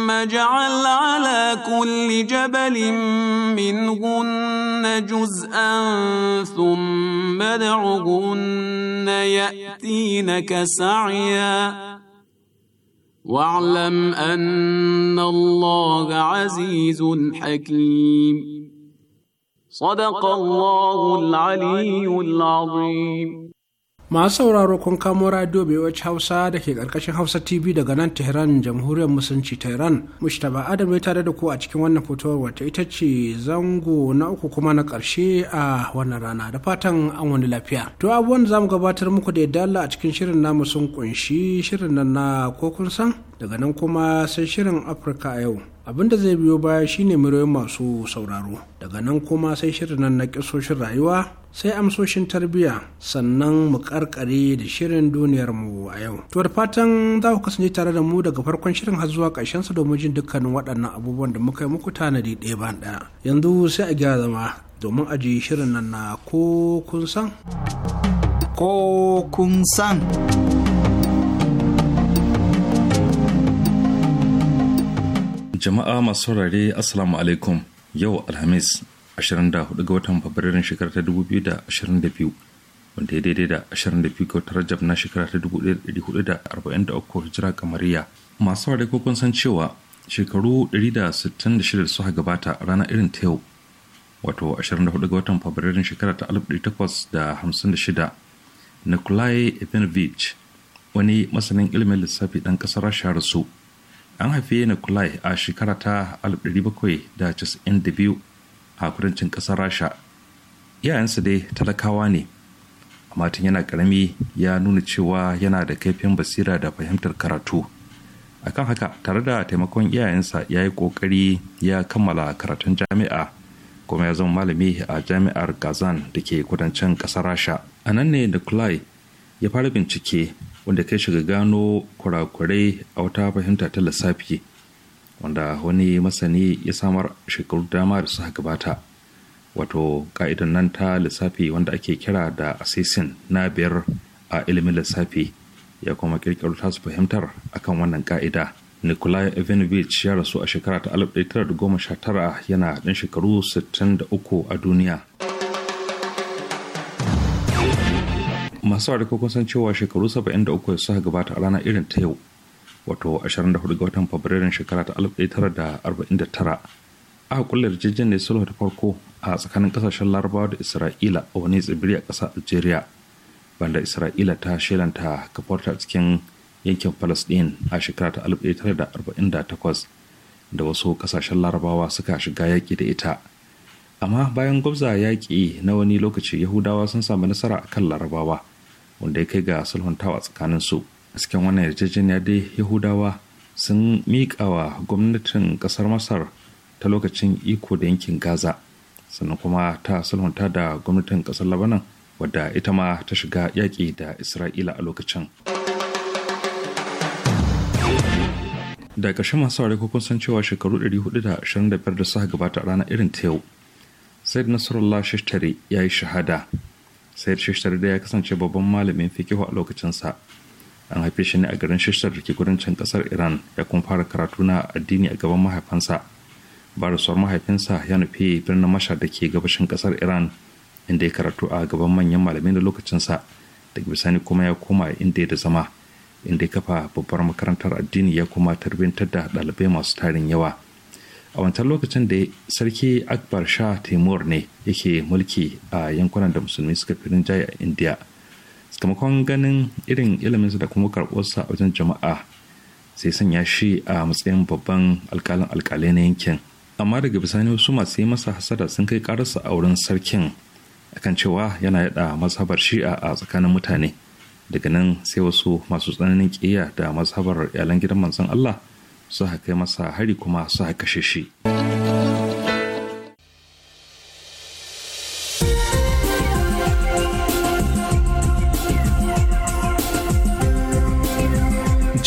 ثم جعل على كل جبل منهن جزءا ثم ادعهن ياتينك سعيا واعلم ان الله عزيز حكيم صدق الله العلي العظيم masu sauraro kun kamo radio BOH Hausa da ke karkashin Hausa TV daga nan Tehran jamhuriyar musulunci Tehran, mustapha Adam ya tare da ku a cikin wannan fitowar wata ita ce zango na uku kuma na karshe a wannan rana da fatan an wani lafiya. To abubuwan da zamu gabatar muku da yadda a cikin shirin namu sun kunshi shirin nan na ko san daga nan kuma sai shirin Afirka a yau. abin da zai biyo baya shine muryoyin masu sauraro daga nan kuma sai shirin nan na kisoshin rayuwa sai amsoshin tarbiyya sannan mu karkare da shirin duniyar mu a yau. To fatan za ku kasance tare da mu daga farkon shirin har zuwa ƙarshen su domin jin dukkanin waɗannan abubuwan da muka yi muku tanadi ɗaya ba ɗaya. Yanzu sai a gyara zama domin a ajiye shirin nan na ko kun san. Ko kun san. Jama'a masu saurare Assalamu alaikum yau Alhamis 24 ga watan fabrairun shekara ta 2022 wanda ya daidai da 22 ga watan rajab na shekarar ta 1443 hijira kamariya masu ware ko kun san cewa shekaru 166 suka gabata rana irin ta yau wato 24 ga watan fabrairun shekara ta 1856 nikolai ivanovich wani masanin ilimin lissafi ɗan ƙasar rasha rasu an haife nikolai a shekara ta 1792 a kudancin ƙasar rasha yayansa dai talakawa ne amma tun yana karami ya nuna cewa yana da kaifin basira da fahimtar karatu akan haka tare da taimakon iyayensa ya yi ƙoƙari ya kammala karatun jami'a kuma ya zama malami a jami'ar gazan da ke kudancin ƙasar rasha a nan ne nikolai ya fara bincike wanda kai shiga gano kurakurai a wata fahimta ta lissafi wanda wani masani ya samar shekaru dama da suka gabata wato ka'idan nan ta lissafi wanda ake kira da assassin na biyar a ilimin lissafi ya kuma kirkiro su fahimtar akan wannan ka'ida nikolai ivanovich ya rasu a shekara ta 1919 yana ɗan shekaru 63 a duniya masu ko kun cewa shekaru 73 suka gabata a rana irin ta yau wato 24 ga watan fabrairun shekara ta 1949 aka kulle ne sulhu ta farko a tsakanin kasashen larabawa da isra'ila a wani tsibiri a ƙasar algeria banda isra'ila ta shelanta kafarta cikin yankin palestin a shekara ta 1948 da wasu kasashen larabawa suka shiga yaƙi da ita amma bayan gwabza yaƙi na wani lokaci yahudawa sun samu nasara a kan larabawa wanda ya kai ga sulhuntawa tsakanin su cikin wannan yarjejeniya dai yahudawa sun miƙa wa gwamnatin ƙasar masar ta lokacin iko da yankin gaza sannan kuma ta sulhunta da gwamnatin ƙasar labanan wadda ita ma ta shiga yaƙi da isra'ila a lokacin da ƙarshen masu aure kun san cewa shekaru 425 da suka gabata a ranar irin ta yau said nasarullah shishtari ya yi shahada said shishtari da ya kasance babban malamin fikihu a lokacinsa an haife shi ne a garin shishtar da ke kudancin kasar iran ya kuma fara karatu na addini a gaban mahaifinsa barisuwar mahaifinsa ya nufi birnin mashar da ke gabashin kasar iran inda ya karatu a gaban manyan malamai da lokacinsa daga bisani kuma ya koma inda ya da zama inda ya kafa babbar makarantar addini ya kuma tarbintar da ɗalibai masu tarin yawa a wancan lokacin da sarki akbar shah timur ne yake mulki a yankunan da musulmi suka fi rinjaye a indiya sakamakon ganin irin iliminsa da kuma karɓarsa a wajen jama'a sai sanya shi a matsayin babban alkalin alkalai na yankin amma daga bisani wasu masu yi masa hasada sun kai ƙararsa a wurin sarkin akan cewa yana yada mazhabar shi'a a tsakanin mutane daga nan sai wasu masu tsananin ƙiyya da mazhabar yalan gidan manzon Allah su haka masa hari kuma su haka shi.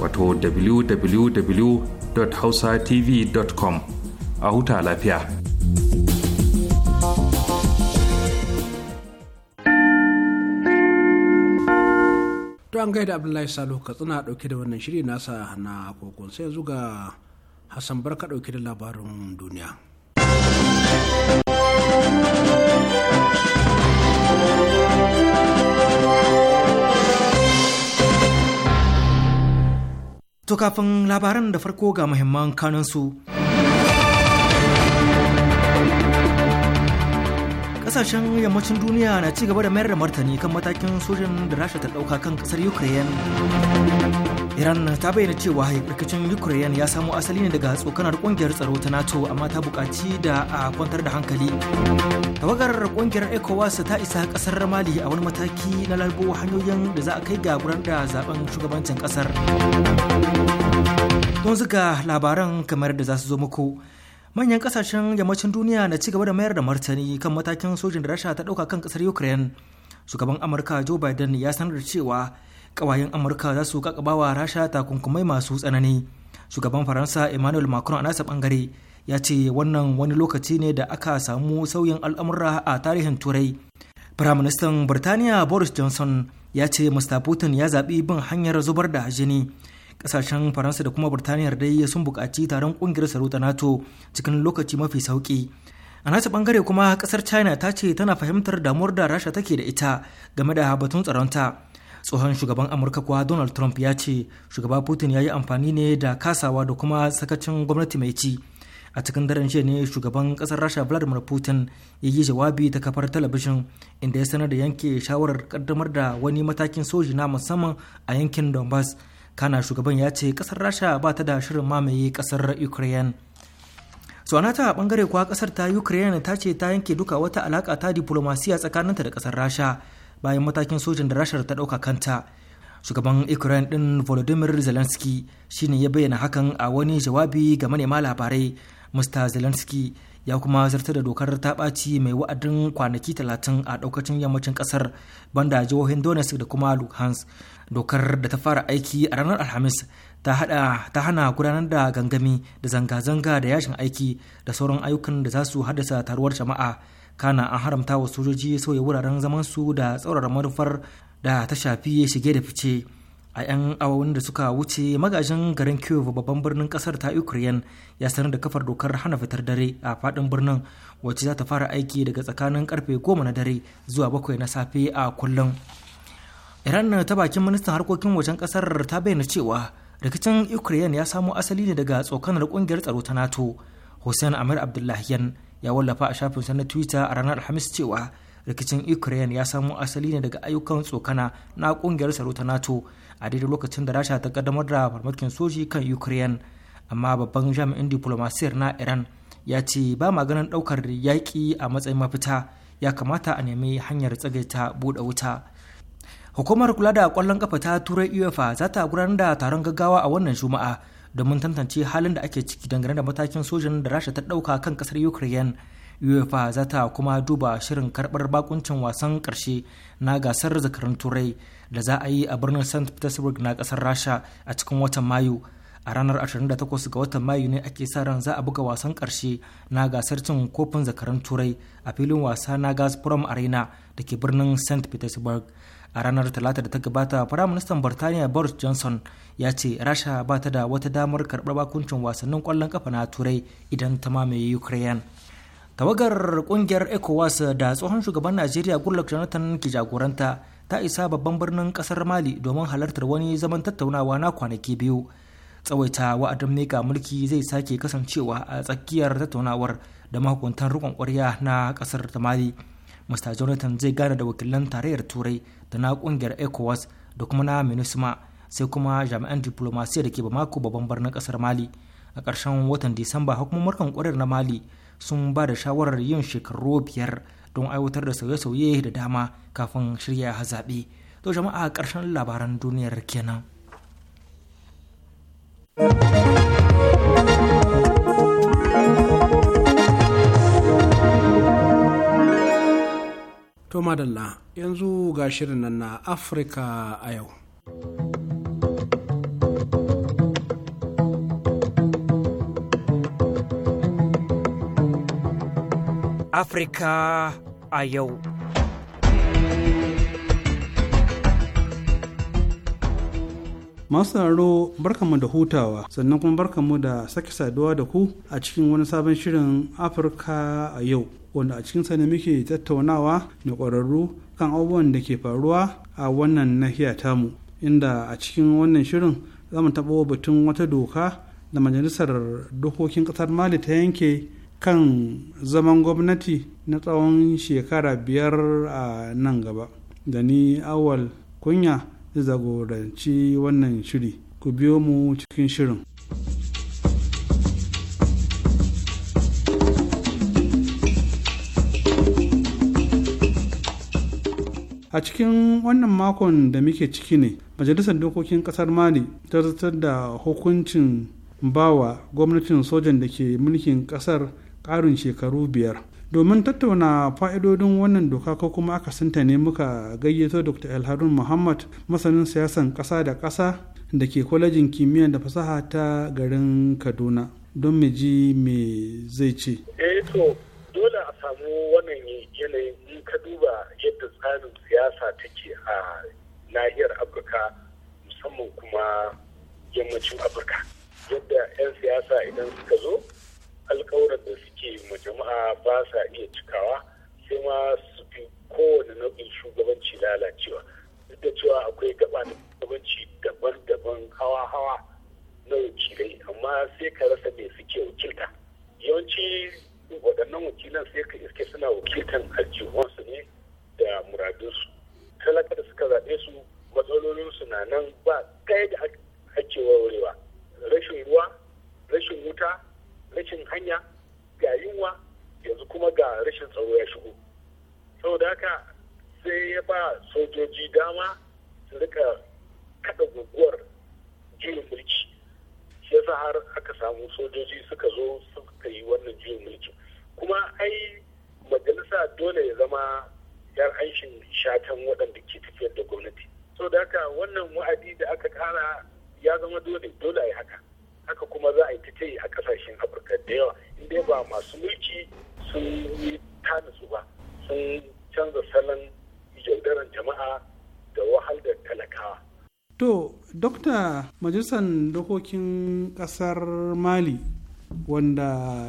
wato www.hausatv.com a huta lafiya. To an gaida Abdullahi Salo Katsina ɗauke da wannan shiri nasa na kokon sai yanzu ga Hassan Barka ɗauke da labarin duniya. To kafin labaran da farko ga muhimman su. Kasashen yammacin duniya na ci gaba da mayar da martani kan matakin sojin da Rasha ta ɗauka kan ƙasar Ukraine. iran ta bayyana cewa rikicin ukraine ya samo asali ne daga tsokanar kungiyar tsaro ta nato amma ta bukaci da a kwantar da hankali tawagar kungiyar ecowas ta isa kasar mali a wani mataki na lalbo hanyoyin da za a kai ga gudanar da zaben shugabancin kasar don zuga labaran kamar da za su zo muku manyan kasashen yammacin duniya na ci gaba da mayar da martani kan matakin sojin da rasha ta ɗauka kan kasar ukraine shugaban amurka joe biden ya sanar da cewa kawayen amurka za su kakabawa rasha takunkumai masu tsanani shugaban faransa emmanuel macron a nasa bangare ya ce wannan wani lokaci ne da aka samu sauyin al'amurra a tarihin turai firaministan birtaniya boris johnson ya ce mr putin ya zaɓi bin hanyar zubar da jini ƙasashen faransa da kuma birtaniyar dai sun buƙaci taron ƙungiyar tsaro ta nato cikin lokaci mafi sauƙi a nasa bangare kuma ƙasar china ta ce tana fahimtar damuwar da rasha take da ita game da batun tsaronta tsohon shugaban amurka kuwa donald trump ya ce shugaba putin ya yi amfani ne da kasawa da kuma sakacin gwamnati mai ci a cikin daren jiya ne shugaban kasar rasha vladimir putin ya yi jawabi ta kafar talabijin inda ya sanar da yanke shawarar kaddamar da wani matakin soji na musamman a yankin donbass kana shugaban ya ce kasar rasha ba ta da shirin mamaye kasar ukraine so ta bangare kuwa kasar ta ukraine ta ce ta yanke duka wata alaka ta diplomasiya tsakaninta da kasar rasha bayan matakin sojin da rashar ta ɗauka kanta shugaban ukraine ɗin volodymyr zelensky shine ya bayyana hakan a wani jawabi ga manema labarai mr zelensky ya kuma zartar da dokar ta ɓaci mai wa'adin kwanaki talatin a ɗaukacin yammacin ƙasar banda jihohin donetsk da kuma luhansk dokar da ta fara aiki a ranar alhamis ta hana gudanar da gangami da zanga-zanga da yashin aiki da sauran ayyukan da za su haddasa taruwar jama'a kana an haramta wa sojoji sauya wuraren zamansu da tsaurara manufar da ta shafi shige da fice a 'yan awawun da suka wuce magajin garin kyiv babban birnin kasar ta ukraine ya sanar da kafar dokar hana fitar dare a fadin birnin wacce za ta fara aiki daga tsakanin karfe goma na dare zuwa bakwai na safe a kullum iran ta bakin ministan harkokin wajen kasar ta bayyana cewa rikicin ukraine ya samo asali ne daga tsokanar kungiyar tsaro ta nato hussein amir abdullahiyan ya wallafa a shafinsa na twitter a ranar alhamis cewa rikicin ukraine ya samo asali ne daga ayyukan tsokana na kungiyar tsaro ta nato a daidai lokacin da rasha ta kaddamar da farmakin soji kan ukraine amma babban jami'in diplomasiyar na iran ya ce ba maganin daukar yaƙi a matsayin mafita ya kamata a nemi hanyar tsagaita buɗe wuta hukumar kula da kwallon kafa ta turai uefa za ta gudanar da taron gaggawa a wannan juma'a domin tantance halin da ake ciki dangane da matakin sojan da rasha ta dauka kan kasar ukraine uefa za ta kuma duba shirin karbar bakuncin wasan karshe na gasar zakarun turai da za a yi a birnin st petersburg na kasar rasha a cikin watan mayu a ranar 28 ga watan mayu ne ake sa ran za a buga wasan karshe na gasar cin kofin zakarun turai a filin wasa na gazprom arena da ke birnin st petersburg a ranar talata da ta gabata firaministan birtaniya boris johnson ya ce rasha ba ta da wata damar karɓar bakuncin wasannin kwallon kafa na turai idan ta mamaye ukraine tawagar kungiyar ecowas da tsohon shugaban najeriya goodluck jonathan ke jagoranta ta isa babban birnin kasar mali domin halartar wani zaman tattaunawa na kwanaki biyu tsawaita wa'adin mika mulki zai sake kasancewa a tsakiyar tattaunawar da mahukuntan rikon kwarya na kasar ta mali mr jonathan zai gana da wakilan tarayyar turai da na kungiyar ecowas da kuma na minusma sai kuma jami'an diplomasiya da ke mako babban birnin kasar mali a ƙarshen watan disamba hukumar kwarar na mali sun ba da shawarar yin shekaru biyar don aiwatar da sauye-sauye da dama kafin shirya zaɓe to jama'a ƙarshen labaran duniyar kenan. To madalla yanzu ga shirin nan na Afirka a yau. Afirka a yau. Masu sauraro barkanmu da hutawa sannan kuma barkanmu da sake saduwa da ku a cikin wani sabon shirin Afirka a yau. wanda a cikinsa ne muke tattaunawa da ƙwararru kan abubuwan da ke faruwa a wannan nahiya tamu inda a cikin wannan shirin za mu taɓa batun wata doka da majalisar dokokin ƙasar mali ta yanke kan zaman gwamnati na tsawon shekara biyar a nan gaba da ni awal kunya zai zagoranci wannan shiri ku biyo mu cikin shirin a cikin wannan makon da muke ciki ne majalisar dokokin kasar mali ta zartar da hukuncin bawa gwamnatin sojan da ke mulkin kasar karin shekaru biyar domin tattauna fa'idodin wannan doka ko kuma aka akasinta ne muka gayyato dr elharun muhammad masanin siyasan ƙasa da ƙasa da ke kwalejin kimiyya da fasaha ta garin kaduna don mu ji me zai ce eh to dole a samu wannan yanayin ka duba yadda tsarin siyasa take a nahiyar afirka musamman kuma yammacin afirka yadda 'yan siyasa idan suka zo alkawuran da suke ma jama'a ba sa iya cikawa sai ma su fi kowane nau'in shugabanci lalacewa duk da cewa akwai gaba da shugabanci daban-daban hawa-hawa na wakilai amma sai ka rasa mai suke wakilta yawanci waɗannan wakilan sai ka iske suna wakiltan aljihunsu ne da muradinsu. talaka da suka zaɓe su matsalolinsu na nan ba ɗaya da ake warwarewa rashin ruwa rashin wuta rashin hanya ga yunwa yanzu kuma ga rashin tsaro ya shigo saboda haka sai ya ba sojoji dama su rika kada guguwar juyin mulki shi yasa har aka samu sojoji suka zo suka yi wannan juyin mulki kuma ai majalisa dole ya zama yar anshin shatan waɗanda ke tafiyar da gwamnati so da haka wannan wa'adi da aka kara ya zama dole dole a yi haka haka kuma za a yi ta a ƙasashen afirka da yawa inda ba masu mulki sun yi tanisu ba sun canza salon yaudaran jama'a da wahalar da talakawa to dokta majalisar dokokin ƙasar mali wanda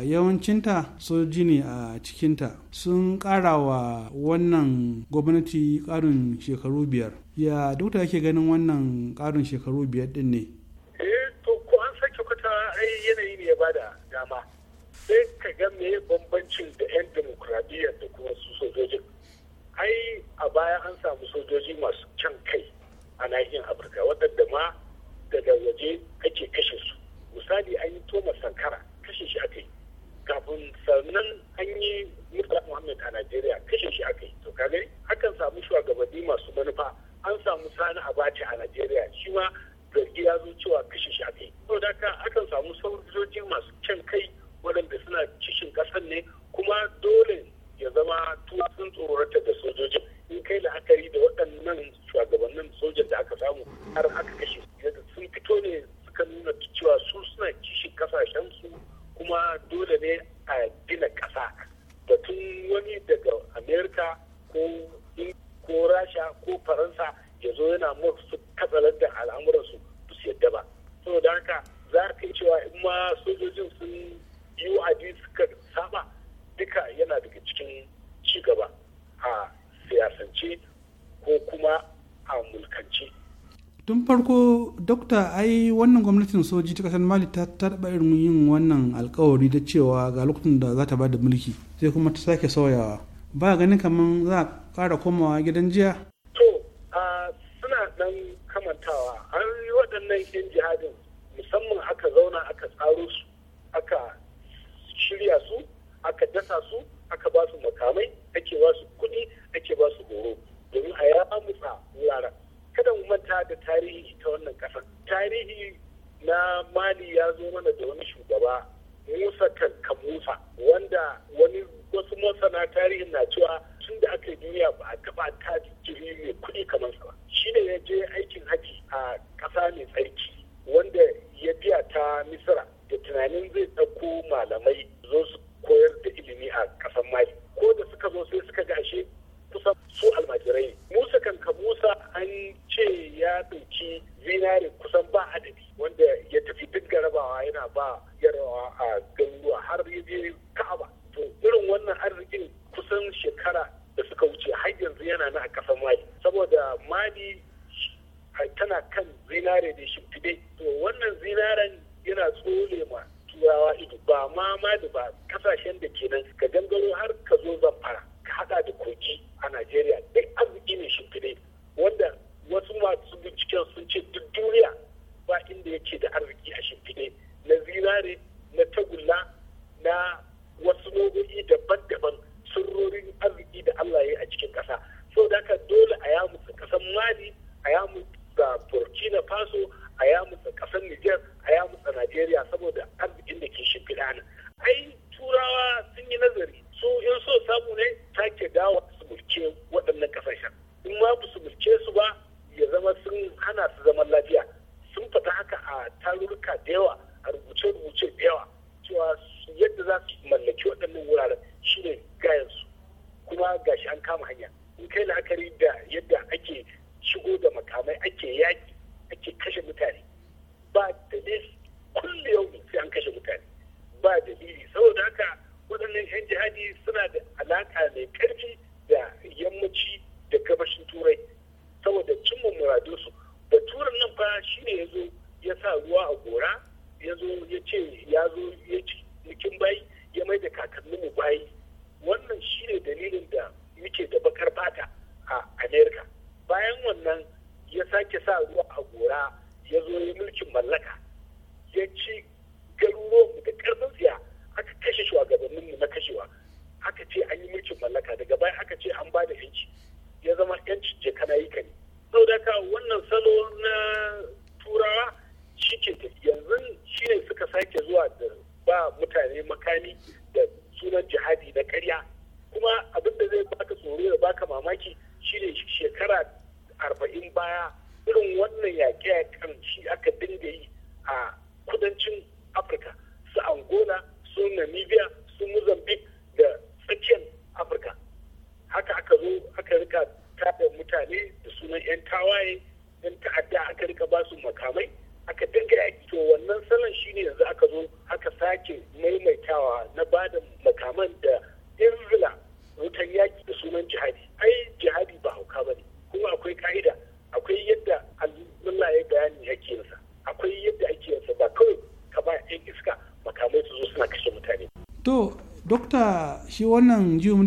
yawancinta soji ne a cikinta sun ƙara wa wannan gwamnati ƙarin shekaru biyar ya duk da ake ganin wannan ƙarin shekaru biyar ɗin ne eh to an sake kuta yanayi ne ya bada dama sai ka ga bambancin da 'yan demokradiyya da kuma su sojojin ai a baya an samu sojoji masu kyan kai a nahiyar afirka waɗanda ma daga waje ake kashe su misali an yi toma sankara kashe shi aka yi kafin sannan an yi murtala muhammad a najeriya kashe shi aka yi to kaga akan samu shugabanni masu manufa an samu sani abacha a najeriya shi ma zargi ya zo cewa kashe shi aka yi saboda haka akan samu sojoji masu kyan kai waɗanda suna cikin ƙasar ne kuma dole ya zama tuwa sun tsorata da sojojin in kai la'akari da waɗannan shugabannin sojan da aka samu har aka kashe sun fito ne suka nuna cewa su suna kishin kasashen su kuma dole ne a gina ƙasa tun wani daga amerika ko rasha ko faransa ya zo yana musu katsalar da al'amuransu ba su yadda ba saboda haka za ka yi cewa in ma sojojin sun yi wa'adi suka saba duka yana daga cikin cigaba a siyasance ko kuma a mulkance tun farko dokta ai wannan gwamnatin soji ta kasar mali ta taɓa irin yin wannan alkawari da cewa ga lokacin da za ta ba da mulki sai kuma ta sake sauyawa ba ganin kamar za a ƙara komawa gidan jiya to suna ɗan kamantawa an yi waɗannan yan jihadin musamman aka zauna aka tsaro su aka shirya su aka dasa su aka ba su makamai ake ba su kuɗi ake ba su horo domin a ya amutsa wuraren kada mu manta da tarihi ta wannan kasar tarihi na mali ya zo mana da wani shugaba musa kankan musa wanda wani wasu masana tarihin na cewa tun da aka yi duniya ba a taba ta jiri mai kuɗi kamar sa ba shi ne ya je aikin haji a ƙasa mai tsarki wanda ya biya ta misira da tunanin zai ɗauko malamai zo su koyar da ilimi a ƙasar mali ko da suka zo sai suka ga ashe sake sa ruwa a gora ya zo ya mulkin mallaka ya ci garuruwanmu da karfin siya aka kashe mu na kashewa aka ce an yi mulkin mallaka daga baya aka ce an ba da yanci ya zama yanci je kana yi sau saboda wannan salo na turawa shi ke yanzu shi ne suka sake zuwa da ba mutane makami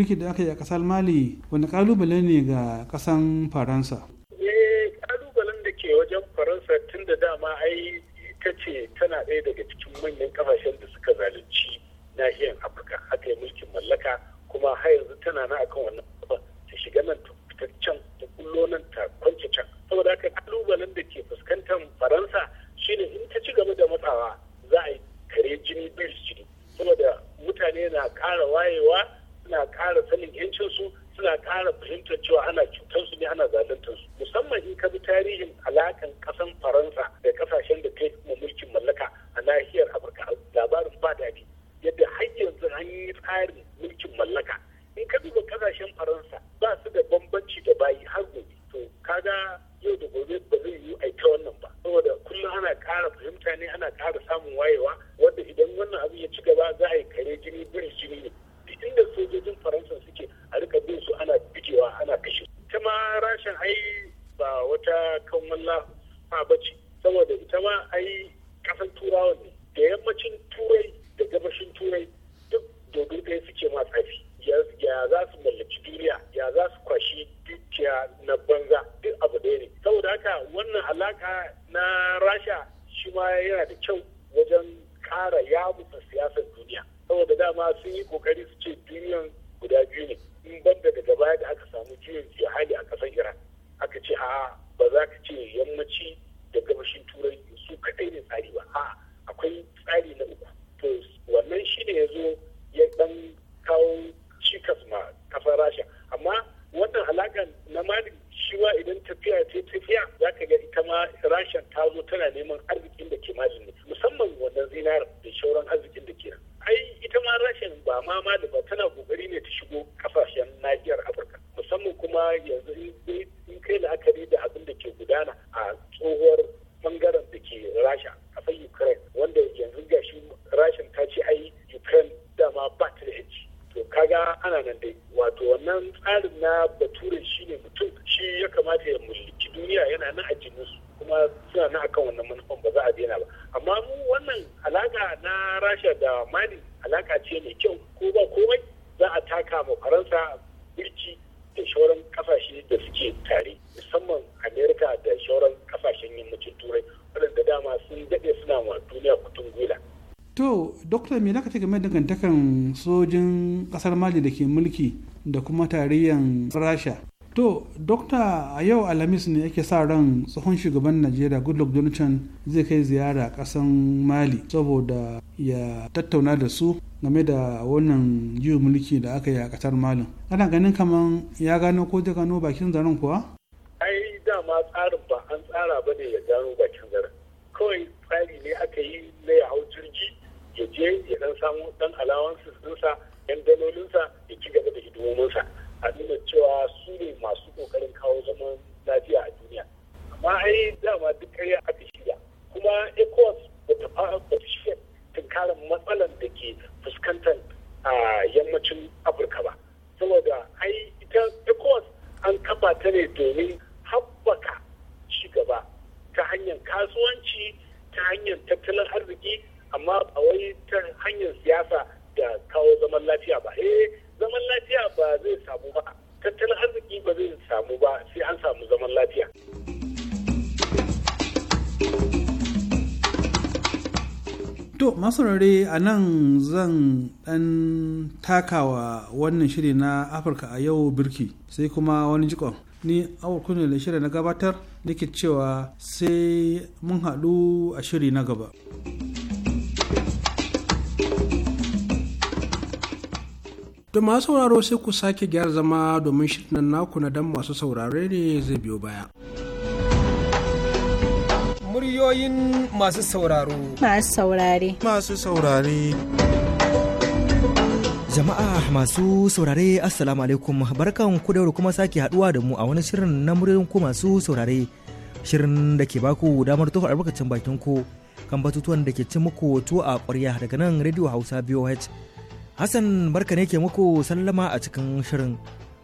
mulki da aka yi a kasar mali wani kalubale ne ga kasan faransa dokta me naka ce game da dangantakan sojin kasar mali da ke mulki da kuma tarihin rasha to dokta a yau alhamis ne ake sa ran tsohon shugaban najeriya goodluck jonathan zai kai ziyara kasan mali saboda ya tattauna da su game da wannan juyin mulki da aka yi a kasar malin ana ganin kamar ya gano ko zai gano bakin zaren kuwa ai dama tsarin ba an tsara ba ne ya gano bakin zaren kawai tsari ne aka yi na ya hau jirgi ya je ya dan samu dan alawansu dinsa yan dalolinsa ya ci gaba da hidimominsa a nuna cewa su ne masu kokarin kawo zaman lafiya a duniya amma ai dama duk karya aka shirya kuma ecos ba ta fara ba ta tunkarar matsalar da ke fuskantar a yammacin afirka ba saboda ai ita ecos an kafa ta ne domin haɓaka ci gaba ta hanyar kasuwanci ta hanyar tattalin arziki amma a wai kan hanyar siyasa da kawo zaman lafiya ba eh zaman lafiya ba zai samu ba tattalin arziki ba zai samu ba sai an samu zaman lafiya To masarare a nan zan ɗan takawa wannan shiri na Afirka a yau birki sai kuma wani jikon. Ni awa da shirin na gabatar nake cewa sai mun haɗu a shiri na gaba. To masu sauraro sai ku sake gyara zama domin shirin naku na dan masu saurare ne zai biyo baya. Muryoyin masu sauraro. Masu saurare. Masu saurare. Jama'a masu saurare Assalamu alaikum barkan ku da kuma sake haduwa da mu a wani shirin na muryoyin ku masu saurare. Shirin da ke baku damar tofa albarkacin bakin ku kan batutuwan da ke cin muku tuwo a ƙwarya daga nan Radio Hausa BOH. Hassan barka ne ke muku sallama a cikin shirin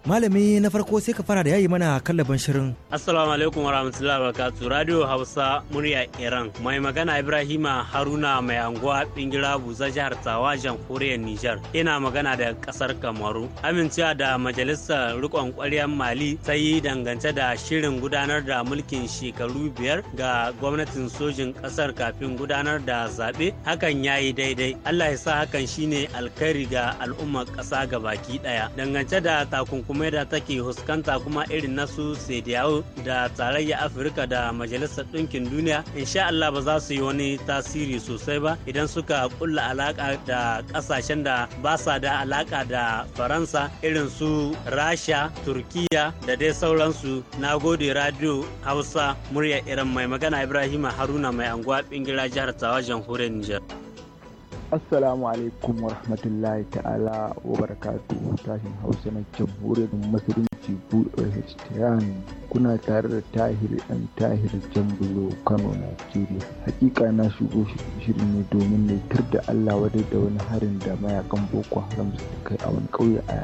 malami na farko sai ka fara da yayi mana kallaban shirin assalamu alaikum wa barakatuh radio hausa murya iran mai magana ibrahima haruna mai anguwa bingira buza jihar tawa jamhuriyar nijar ina magana da kasar kamaru amincewa da majalisar rikon kwaryar mali ta yi dangance da shirin gudanar da mulkin shekaru biyar ga gwamnatin sojin kasar kafin gudanar da zaɓe hakan ya yi daidai allah ya sa hakan shine alkhairi ga al'ummar ƙasa gabaki ɗaya dangance da takunkumi. kuma da take huskanta kuma irin nasu sediyawo da tarayya afirka da majalisar ɗinkin duniya insha allah ba za su yi wani tasiri sosai ba idan suka kulla alaka da ƙasashen da ba sa da alaka da faransa irin su rasha turkiya da dai sauransu na gode radio hausa murya irin mai magana ibrahim haruna mai anguwa bingila jihar tawa jamhuriyar nijar Assalamu alaikum wa rahmatullahi ta'ala wa barakatu tashin hausa na jamhuriyar musulunci BOH Tehran kuna tare da tahir ɗan tahir jambulo Kano nigeria. Hakika na shigo shirin ne domin laitar da Allah wadai da wani harin da mayakan Boko Haram suka kai a wani kauye a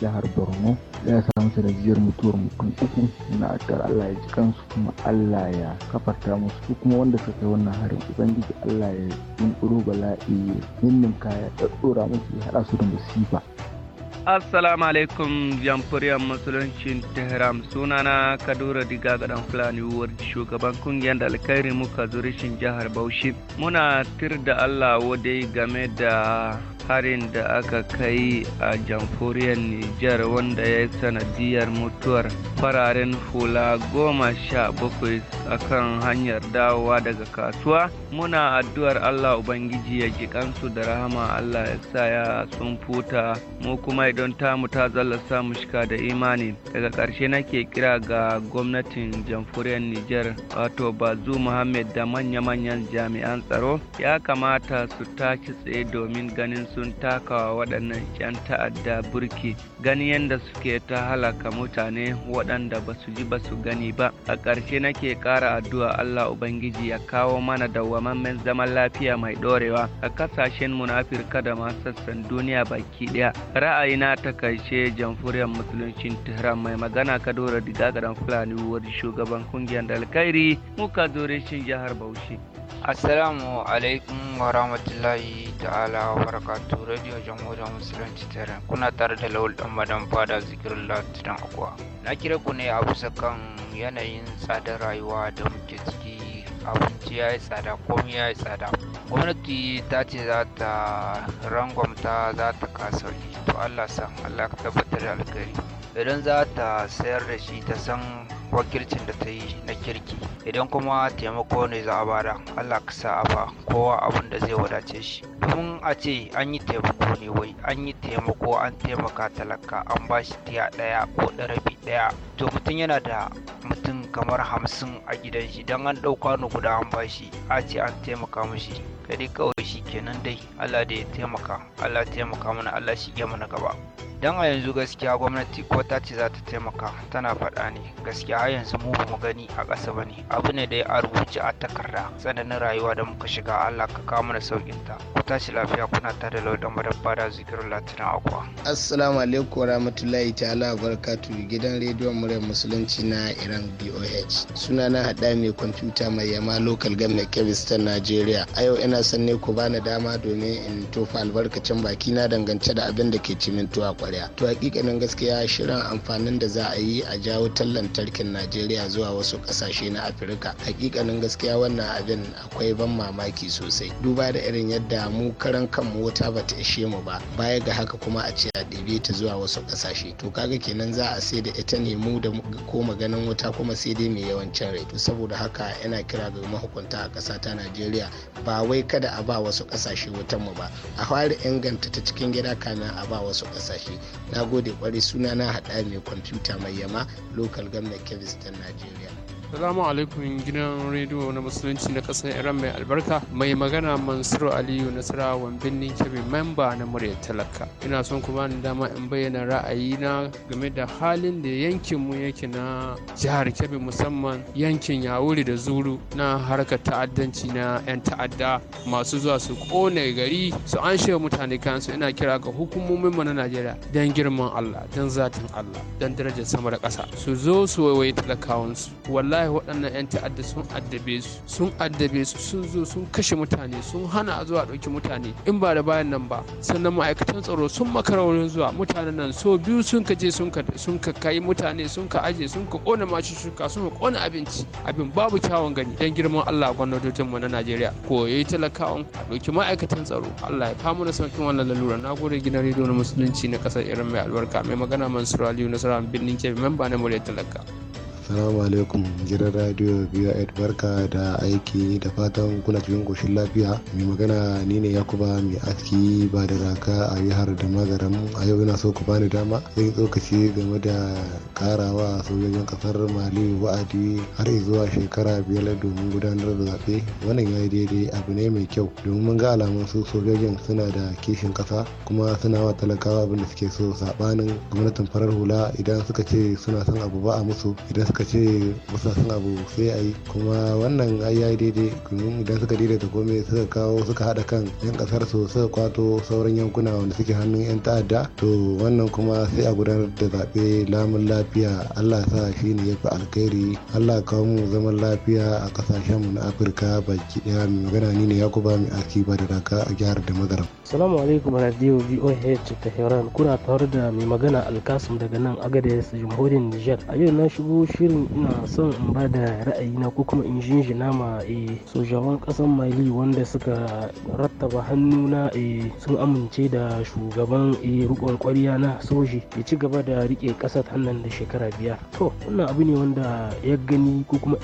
jihar Borno. Ya samu sanadiyar mutuwar mutum uku na addu'ar Allah ya ji kansu kuma Allah ya kafarta musu kuma wanda suka kai wannan harin Ubangiji Allah ya yi bala'i ninninka ya da musu ya haɗa su da musiba assalamu alaikum jamhuriyar Musulunci tehran sunana kadura diga gadan fulani shugaban kungiyar da alkhairi muka zurishin jihar bauchi muna tir da allah wadai game da harin da aka kai a jamhuriyar Nijar, wanda ya yi sanadiyar mutuwar fararen hula goma sha bakwai akan hanyar dawowa daga kasuwa muna addu'ar Allah Ubangiji ya ji kansu da rahama Allah ya sa ya sun futa mu kuma idan tamu ta zalla samu shika da imani daga ƙarshe nake kira ga gwamnatin jamhuriyar Nijar wato Bazu Muhammad da manya-manyan jami'an tsaro ya kamata su taki tsaye domin ganin sun takawa waɗannan 'yan ta'adda burki gani yadda suke ta halaka mutane waɗanda ba su ji ba su gani ba a ƙarshe nake ƙara ƙara addu'a Allah Ubangiji ya kawo mana dawwamammen zaman lafiya mai ɗorewa a ƙasashen mu na Afirka da masassan duniya baki ɗaya. Ra'ayina ta karshe jamhuriyar musuluncin Tehran mai magana Kadura Diga Garan Fulani Wadi shugaban kungiyar Dalkairi muka zore shin jihar Bauchi. Assalamu alaikum wa rahmatullahi ta'ala wa barakatu Radio Jamhuriyar Musulunci Tare kuna tare da lawul dan Madan Fada Zikirullah Tidan Akwa. Na kira ku ne a bisa kan yanayin tsadar rayuwa da muke ciki abinci ya yi tsada komai ya yi tsada. Gwamnati ta ce za ta rangwamta za ta kasauki to Allah san Allah ka tabbatar da alkhairi. Idan za ta sayar da shi ta san wakilcin da ta yi na kirki idan kuma taimako ne za a bada allah ka sa afa kowa abin da zai wadace shi domin a ce an yi taimako ne wai an yi taimako an taimaka talaka an ba shi tiya ɗaya ko ɗarabi ɗaya to mutum yana da mutum kamar hamsin a gidan shi don an ɗauka ni guda an ba shi a ce an taimaka mishi kai kawai shi kenan dai allah da ya taimaka allah taimaka mana allah shi mana gaba don a yanzu gaskiya gwamnati ko ta ce za ta taimaka tana faɗa ne gaskiya har yanzu mu mu gani a ƙasa ba ne abu ne da ya rubuce a takarda tsananin rayuwa da muka shiga allah ka kawo mana saukin ta ku tashi lafiya kuna ta da laudan madabba da zikirin latin akwa assalamu alaikum rahmatullahi ta'ala barakatu gidan rediyon muryar musulunci na iran boh suna na haɗa mai kwamfuta mai yama lokal government kebis ta nigeria a yau ina son ne ku bani dama domin in tofa albarkacin baki na dangance da abin da ke cimintuwa kwarya to hakikanin gaskiya shirin amfanin da za a yi a jawo tallan lantarkin najeriya zuwa wasu kasashe na afirka hakikanin gaskiya wannan abin akwai ban mamaki sosai duba da irin yadda mu karan kanmu wuta ba ta ishe mu ba baya ga haka kuma a ce a ɗebe ta zuwa wasu kasashe to kaga kenan za a sai da ita ne mu da ko maganin wuta kuma sai dai mai yawancin rai saboda haka yana kira ga mahukunta a ƙasa ta najeriya ba wai kada a ba wasu kasashe wutan mu ba a fara inganta ta cikin gida kamin a ba wasu kasashe na gode kwarai suna na haɗa mai kwamfuta mai yama local government kebis ta najeriya Salamu alaikum gidan rediyo na musulunci na ƙasar Iran mai albarka mai magana Mansur Aliyu Nasara wambin Kebe memba na murya talaka. Ina son kuma ni dama in bayyana ra'ayina game da halin da yankin mu yake na jihar Kebbi musamman yankin Yawuri da Zuru na harkar ta'addanci na 'yan ta'adda masu zuwa su kone gari su an shewa mutane kansu ina kira ga hukumomin mu na Najeriya don girman Allah don zatin Allah dan darajar sama da ƙasa su zo su waye talakawansu wallahi wallahi waɗannan 'yan ta'adda sun addabe su sun addabe su sun zo sun kashe mutane sun hana zuwa ɗauki mutane in ba da bayan nan ba sannan ma'aikatan tsaro sun makara wurin zuwa mutanen nan so biyu sun ka je sun ka kai mutane sun ka aje sun ka ƙona mashi shuka sun ka ƙona abinci abin babu kyawun gani dan girman Allah mu na Najeriya koyi talakawan a ɗauki ma'aikatan tsaro Allah ya famu da sauƙin wannan lalura na gode gidan rediyo na musulunci na kasar irin mai albarka mai magana Mansur Aliyu Nasara birnin Kebbi memba na Murya Talaka. Assalamu alaikum gidan radio biyu Ed barka da aiki da fatan kuna cikin koshin lafiya. Mai magana ni ne Yakuba mai aski ba da raka a jihar da magaram a yau ina so ku bani dama zan tsokaci game da karawa sojojin kasar Mali wa'adi har zuwa shekara biyar domin gudanar da zaɓe wannan ya yi daidai abu ne mai kyau domin mun ga alamun su sojojin suna da kishin ƙasa kuma suna wa talakawa abin da suke so saɓanin gwamnatin farar hula idan suka ce suna son abu ba a musu idan suka suka ce musa sun abu sai a yi kuma wannan ai ya yi daidai kuma idan suka daidaita komai suka kawo suka hada kan yan kasar su suka kwato sauran yankuna wanda suke hannun yan ta'adda to wannan kuma sai a gudanar da zaɓe lamun lafiya allah sa shi ne ya fi alkhairi allah kawo mu zaman lafiya a mu na afirka baki daya mai magana ni ne yakuba mai aski ba da daga a jihar da magaram. salamu alaikum radio voh ta kuna tare da mai magana alkasum daga nan agadez jamhuriyar nijar a yau na shigo shi alherin ina son in ba da ra'ayina ko kuma in jinjina ma eh, sojawan kasan mali wanda suka rattaba na eh, sun amince da shugaban eh, rikon kwariya na soji ya ci gaba da rike kasar hannun da shekara biyar to wannan abu ne wanda ya gani ko kuma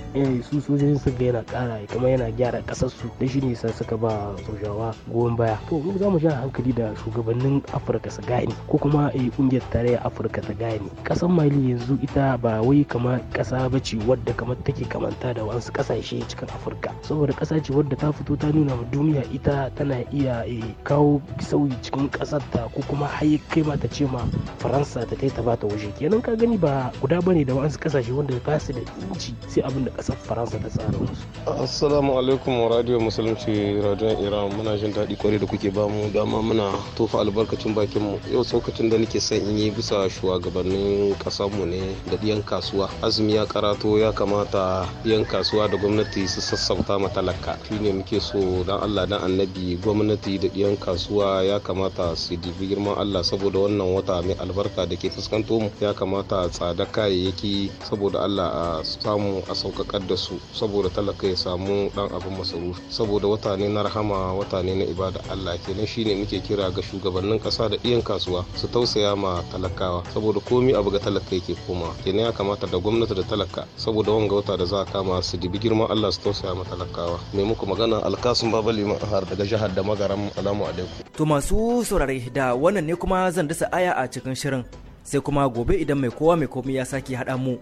su sojojin su ga yana ya kuma yana gyara ƙasar su da shi ne sa suka ba sojawa goyon baya to mu za mu sha hankali da shugabannin afirka su gane ko kuma ƙungiyar tarayyar afirka ta gane kasar mali yanzu ita ba wai kama kasa ba ce wadda kamar take kamanta da wasu kasashe cikin afirka saboda kasa ce wadda ta fito ta nuna ma duniya ita tana iya eh, kawo sauyi cikin ƙasar ta ko kuma har kai ma ta ce ma faransa ta kai ta bata waje kenan ka gani ba guda bane da wasu kasashe wanda ba su da inci sai abin da ƙasar faransa ta tsara musu assalamu alaikum wa radio musulunci radio iran muna jin daɗi kwarai da kuke bamu dama muna tofa albarkacin bakin mu yau saukacin da nake son in yi bisa shugabannin ƙasar mu ne da ɗiyan kasuwa azumi azumi ya karato ya kamata yan kasuwa da gwamnati su sassauta matalaka shi ne muke so dan allah dan annabi gwamnati da yan kasuwa ya kamata su dibi girman allah saboda wannan wata mai albarka da ke fuskanto mu ya kamata tsada kayayyaki saboda allah a samu a sauƙaƙar da su saboda talaka ya samu dan abin masarufi saboda wata ne na rahama wata ne na ibada allah kenan shine muke kira ga shugabannin kasa da iyan kasuwa su tausaya ma talakawa saboda komi abu ga talaka yake koma kenan ya kamata da gwamnati da talaka saboda wanga wata da za a kama su dibi girman Allah su tausaya ma talakawa me muku magana alkasun babali har daga jihar da magaram alamu alaikum to masu saurare da wannan ne kuma zan dasa aya a cikin shirin sai kuma gobe idan mai kowa mai komai ya sake haɗa mu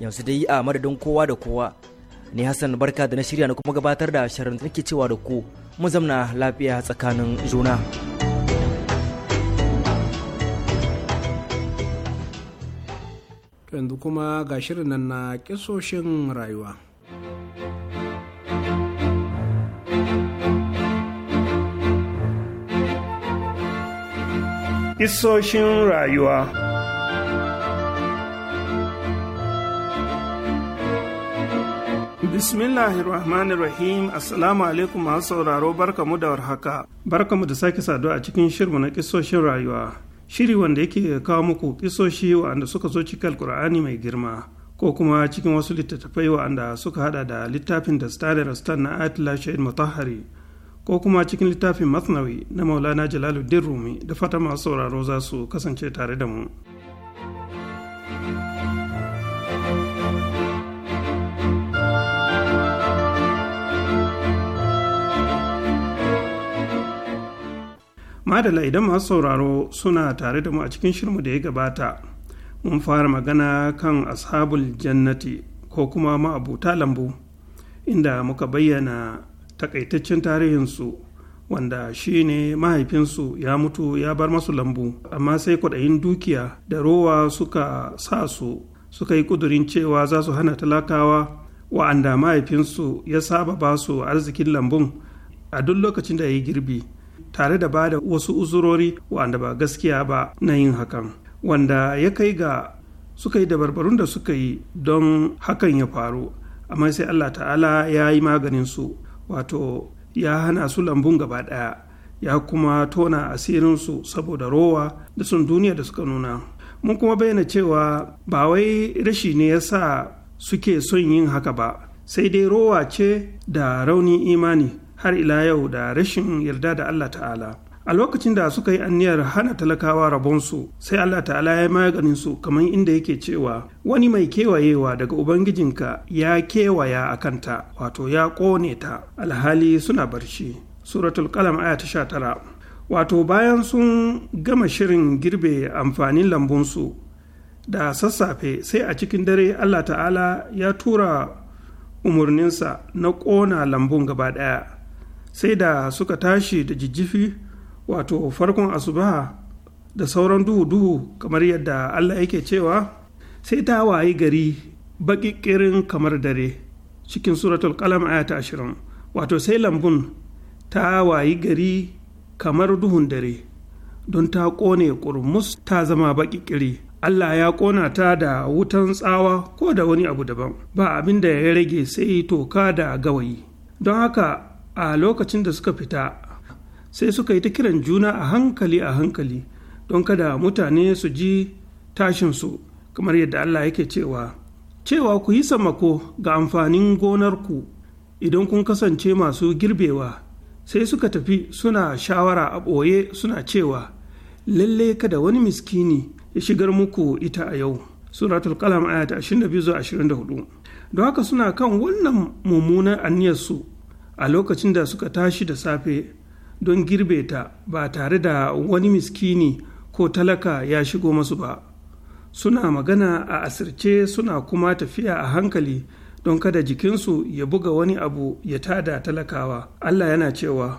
yanzu dai a madadin kowa da kowa ni Hassan barka da na shirya na kuma gabatar da shirin nake cewa da ku mu zamna lafiya tsakanin juna. yanzu kuma ga shirin nan na kisoshin rayuwa. Kisoshin rayuwa Bismillahirrahmanirrahim Assalamu alaikum masu sauraro barkamu da warhaka barkamu da sake saduwa a cikin shirmu na kisoshin rayuwa shiri wanda yake kawo muku kisoshi wa'anda suka zo cikin alkur'ani mai girma ko kuma cikin wasu littattafai wa'anda suka hada da littafin da stadar rastan na atila shahid mutahari ko kuma cikin littafin masnawi na maulana jalaluddin rumi da fata masu sauraro za su kasance tare da mu. madala idan masu sauraro suna tare da mu a cikin shirmu da ya gabata mun fara magana kan ashabul jannati ko kuma ma'abuta lambu inda muka bayyana takaitaccen tarihinsu wanda shi ne mahaifinsu ya mutu ya bar masu lambu amma sai kwaɗayin dukiya da rowa suka sa su suka yi ƙudurin cewa za su hana talakawa wa'anda mahaifinsu ya saba ba su arzikin lambun a duk lokacin da ya yi girbi tare da bada wasu uzurori wanda ba gaskiya ba na yin hakan wanda ya kai ga suka yi dabarbarun da suka yi don hakan ya faru amma sai allah ta'ala ya yi maganin su wato ya hana su lambun gaba ɗaya ya kuma tona asirin su saboda rowa da sun duniya da suka nuna mun kuma bayyana cewa ba wai rashi ne ya sa suke son yin haka ba sai dai rowa ce da raunin imani har ila yau da rashin yarda da Allah ta'ala a lokacin da suka yi anniyar hana talakawa rabonsu sai Allah ta'ala ya maganin su kamar inda yake cewa wani mai kewayewa daga ubangijinka ya kewaya a kanta wato ya ƙone ta alhali suna barci suratul kalam aya ta tara. wato bayan sun gama shirin girbe amfanin lambunsu da sassafe sai a cikin dare Allah ta'ala ya tura umarninsa na ƙona lambun gaba ɗaya sai da suka tashi da jijjifi wato farkon asuba da sauran duhu-duhu kamar yadda Allah yake cewa sai ta wayi gari baƙiƙirin kamar dare cikin suratul kalam aya ashirin wato sai lambun ta wayi gari kamar duhun dare don ta ƙone ƙurmus ta zama baƙiƙiri Allah ya ƙona ta da wutan tsawa ko da wani abu daban ba abin da ya rage sai toka da gawayi don haka a lokacin da suka fita sai suka yi ta kiran juna a hankali a hankali don kada mutane su ji tashinsu kamar yadda Allah yake cewa cewa ku yi samako ga amfanin gonarku idan kun kasance masu girbewa sai suka tafi suna shawara a ɓoye suna cewa lalle kada wani miskini ya shigar muku ita a yau suratul kalam aya ta 22 24 don haka suna kan wannan mummunan aniyarsu a lokacin da suka tashi da safe don girbe ta ba tare da wani miskini ko talaka ya shigo masu ba suna magana a asirce suna kuma tafiya a hankali don kada jikinsu ya buga wani abu ya tada talakawa allah yana cewa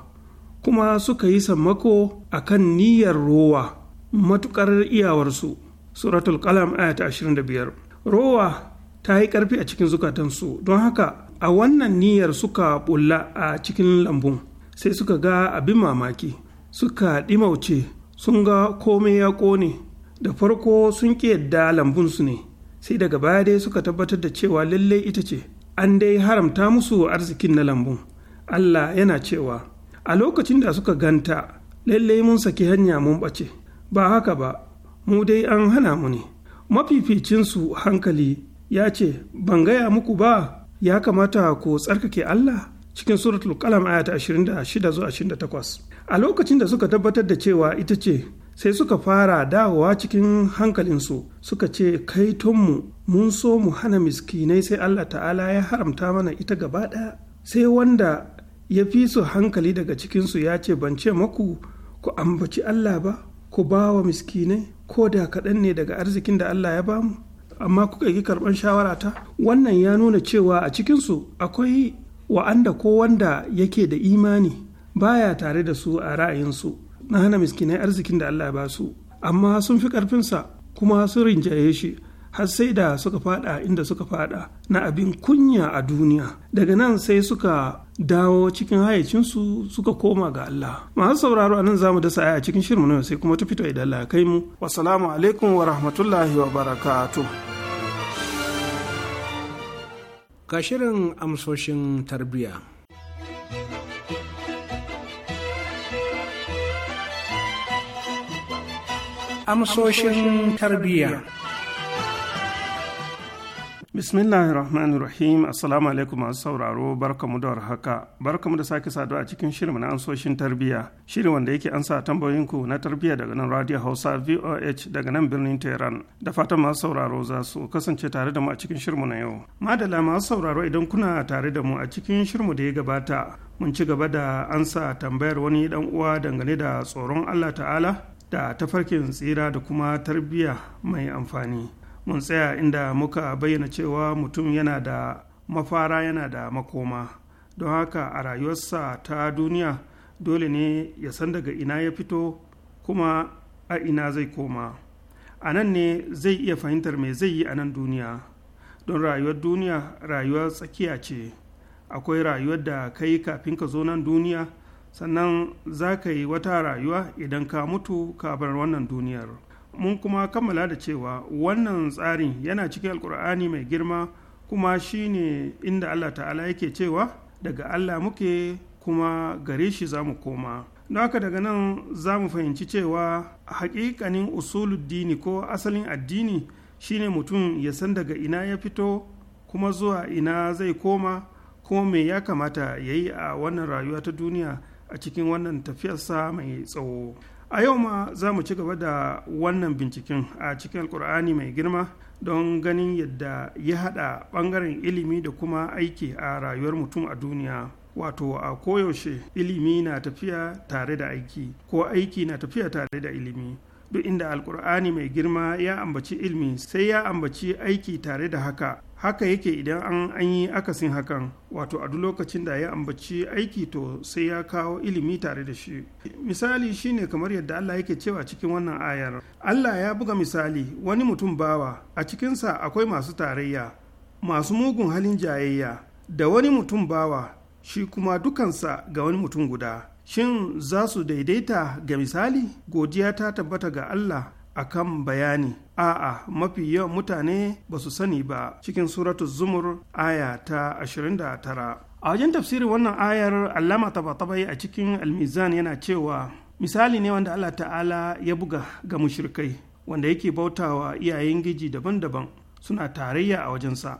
kuma suka yi sammako a kan niyyar rowa matuƙar iyawarsu suratul kalam ayat 25 rowa ta yi ƙarfi a cikin zukatansu don haka a wannan niyyar suka bulla a cikin lambun sai suka ga abin mamaki suka ɗimauce sun ga komai ya ƙone da farko sun ƙi yadda lambunsu ne sai daga baya dai suka tabbatar da cewa lallai ita ce an dai haramta musu arzikin na lambun allah yana cewa a lokacin da suka ganta lallai mun saki hanya mun ɓace ba haka ba mu dai an hana mu ne mafificinsu hankali ya ce ban gaya muku ba ya kamata ku tsarkake Allah cikin suratul kalam aya ta 26 zuwa 28 a lokacin da suka tabbatar da cewa ita ce sai suka fara dawowa cikin hankalinsu suka ce kai tunmu mun so mu hana miskinai sai Allah ta'ala ya haramta mana ita gaba ɗaya sai wanda ya fi su hankali daga cikinsu ya ce ban ce maku ku ambaci Allah ba ku ba wa miskinai ko da kaɗan ne daga arzikin da Allah ya bamu amma kuka yi karɓar shawarata wannan ya nuna cewa a cikinsu akwai wa'anda ko wanda yake da imani baya tare da su a ra'ayinsu na hana miskinai arzikin da Allah ya ba su amma sun fi ƙarfinsa kuma sun rinjaye shi har sai da suka fada inda suka fada na abin kunya a duniya daga nan sai suka dawo cikin hayacinsu suka koma ga Allah. Masu sauraro anan zamu dasa aya cikin shirin na sai kuma ta fito idan Allah ya kai mu. Wassalamu alaikum wa rahmatullahi wa barakatuh. Ga shirin amsoshin tarbiyya. Amsoshin tarbiyya. Bismillahirrahmanirrahim Assalamu alaikum masu sauraro barkamu da warhaka barkamu da sake saduwa a cikin shirin na ansoshin tarbiyya shirin wanda yake ansa tambayoyinku na tarbiyya daga nan Radio Hausa VOH daga nan birnin Tehran da fatan masu sauraro za su kasance tare da mu a cikin shirin na yau madala masu sauraro idan kuna tare da mu a cikin shirin da ya gabata mun ci gaba da ansa tambayar wani dan uwa dangane da tsoron Allah ta'ala da tafarkin tsira da kuma tarbiyya mai amfani mun tsaya inda muka bayyana cewa mutum yana da mafara yana da makoma don haka a rayuwarsa ta duniya dole ne ya san daga ina ya fito kuma a ina zai koma a nan ne zai iya fahimtar me zai yi a nan duniya don rayuwar duniya rayuwar tsakiya ce akwai rayuwar da ka yi kafin ka zo nan duniya sannan za ka yi wata rayuwa idan ka mutu ka bar wannan duniyar mun kuma kammala da cewa wannan tsarin yana cikin alkur'ani mai girma kuma shine inda allah ta'ala yake cewa daga allah muke kuma gare shi za mu koma don haka daga nan za mu fahimci cewa hakikanin usuluddini ko asalin addini shine mutum ya san daga ina ya fito kuma zuwa ina zai koma kuma me ya kamata ya yi a wannan rayuwa ta duniya a cikin wannan tafiyarsa mai tsawo a yau ma za mu ci gaba da wannan binciken a cikin alkur'ani mai girma don ganin yadda ya haɗa bangaren ilimi da kuma aiki a rayuwar mutum a duniya wato a koyaushe ilimi na tafiya tare da aiki ko aiki na tafiya tare da ilimi duk inda alkur'ani mai girma ya ambaci ilimi sai ya ambaci aiki tare da haka haka yake idan an an yi akasin hakan wato a duk lokacin da ya ambaci aiki to sai ya kawo ilimi tare da shi misali shine kamar yadda Allah yake cewa cikin wannan ayar Allah ya buga misali wani mutum bawa a cikinsa akwai masu tarayya masu mugun halin jayayya da wani mutum bawa shi kuma dukansa ga wani mutum guda shin za su daidaita ga misali godiya ta tabbata ga Allah akan bayani a'a mafi yawan mutane ba su sani ba cikin suratu zumur aya ta 29 a wajen tafsirin wannan ayar allama tabatabai a cikin almizan yana cewa misali ne wanda allah ta'ala ya buga ga mushrikai wanda yake bautawa iyayen giji daban-daban suna tarayya a wajensa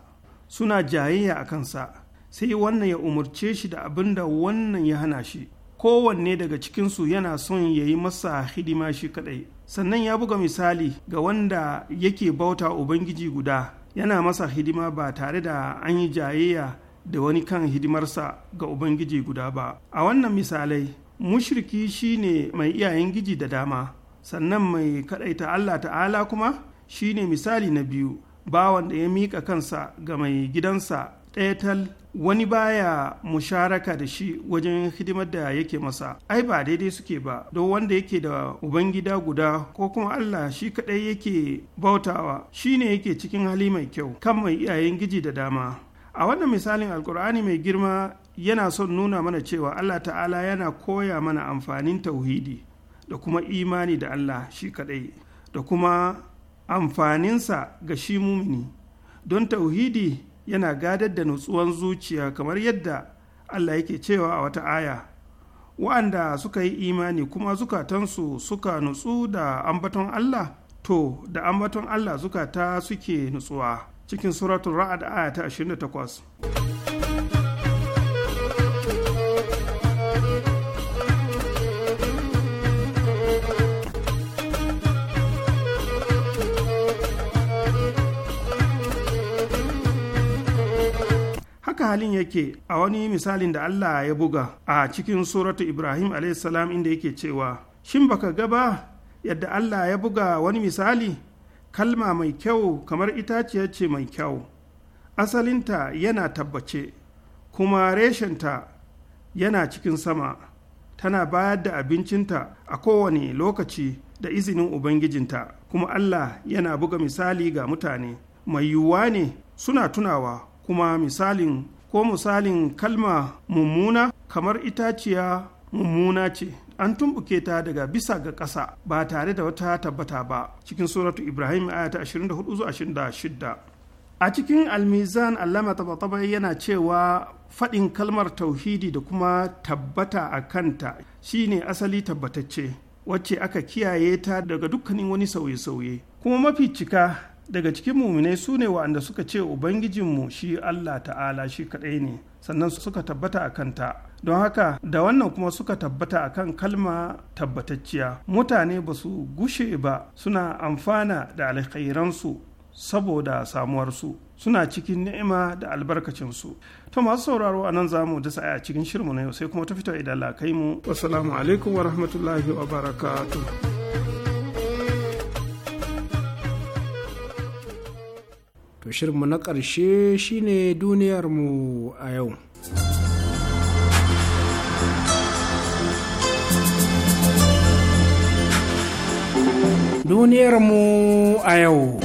suna jayayya a kansa sai wannan ya umarce shi da abin da wannan ya hana shi kowanne daga cikinsu yana son ya yi masa hidima shi kadai sannan ya buga misali ga wanda yake bauta ubangiji guda yana masa hidima ba tare da an yi jayayya da wani kan hidimarsa ga ubangiji guda ba a wannan misalai mushriki shine mai iyayen giji da dama sannan mai kadaita allah ta'ala kuma shine misali na biyu bawan da ya mika kansa ga mai gidansa ɗaya tal wani baya musharaka da shi wajen hidimar da yake masa ai ba daidai suke ba don wanda yake da ubangida guda ko kuma Allah shi kadai yake bautawa Shi shine yake cikin hali mai kyau kan mai iyayen giji da dama a wannan misalin alkur'ani mai girma yana son nuna mana cewa Allah ta'ala yana koya mana amfanin tauhidi da kuma imani da Allah shi kadai da kuma amfaninsa ga shi mumini don tauhidi yana gadar da nutsuwan zuciya kamar yadda Allah yake cewa a wata aya wa'anda suka yi imani kuma zukatansu suka nutsu da ambaton Allah to da ambaton Allah zukata suke nutsuwa cikin suratun ra'ad aya ta 28 haka halin yake a wani misalin da Allah ya buga a cikin suratu Ibrahim salam inda yake cewa shin baka gaba yadda Allah ya buga wani misali kalma mai kyau kamar itaciya ce mai kyau asalinta yana tabbace kuma reshenta yana cikin sama tana bayar da abincinta a kowane lokaci da izinin ubangijinta kuma Allah yana buga misali ga mutane mai yiwuwa ne suna tunawa kuma misalin ko misalin kalma mummuna kamar itaciya mummuna ce an tumbuke ta daga bisa ga ƙasa ba tare da wata tabbata ba cikin suratu ibrahim aya ta 24 26 a cikin almizan allama tabataba yana cewa faɗin kalmar tauhidi da kuma tabbata a kanta shine asali tabbatacce wacce aka kiyaye ta daga dukkanin wani sauye-sauye kuma mafi cika daga cikin muminai su ne wa'anda suka ce ubangijinmu shi allah ta'ala shi kadai ne sannan suka tabbata a kanta don haka da wannan kuma suka tabbata a kan kalma tabbatacciya mutane ba su gushe ba suna amfana da alkhairansu saboda samuwarsu suna cikin ni'ima da albarkacinsu to masu sauraro a nan zamu da sa'a a cikin shirmu na yau sai kuma ta fito idan la kai mu wassalamu alaikum wa rahmatullahi wa barakatuh to shirinmu na ƙarshe shine duniyarmu a yau duniyarmu a yau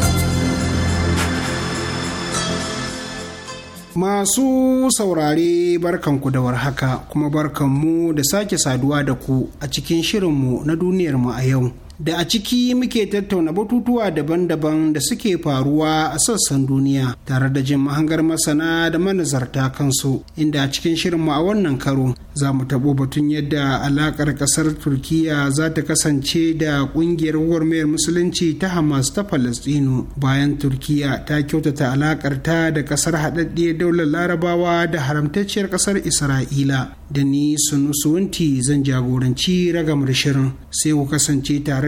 Masu saurare ku da warhaka kuma barkanmu da sake saduwa da ku a cikin shirinmu na duniyarmu a yau. da a ciki muke tattauna batutuwa daban-daban da suke faruwa a sassan duniya tare da jin mahangar masana da manazarta kansu inda a cikin shirinmu a wannan karo za mu taɓo batun yadda alaƙar ƙasar turkiya za ta kasance da ƙungiyar gwamnatin musulunci ta hamas ta falastinu bayan turkiya ta kyautata alaƙar ta da ƙasar haɗaɗɗiyar daular larabawa da haramtacciyar ƙasar isra'ila da ni sunusuwanti zan jagoranci ragamar shirin sai ku kasance tare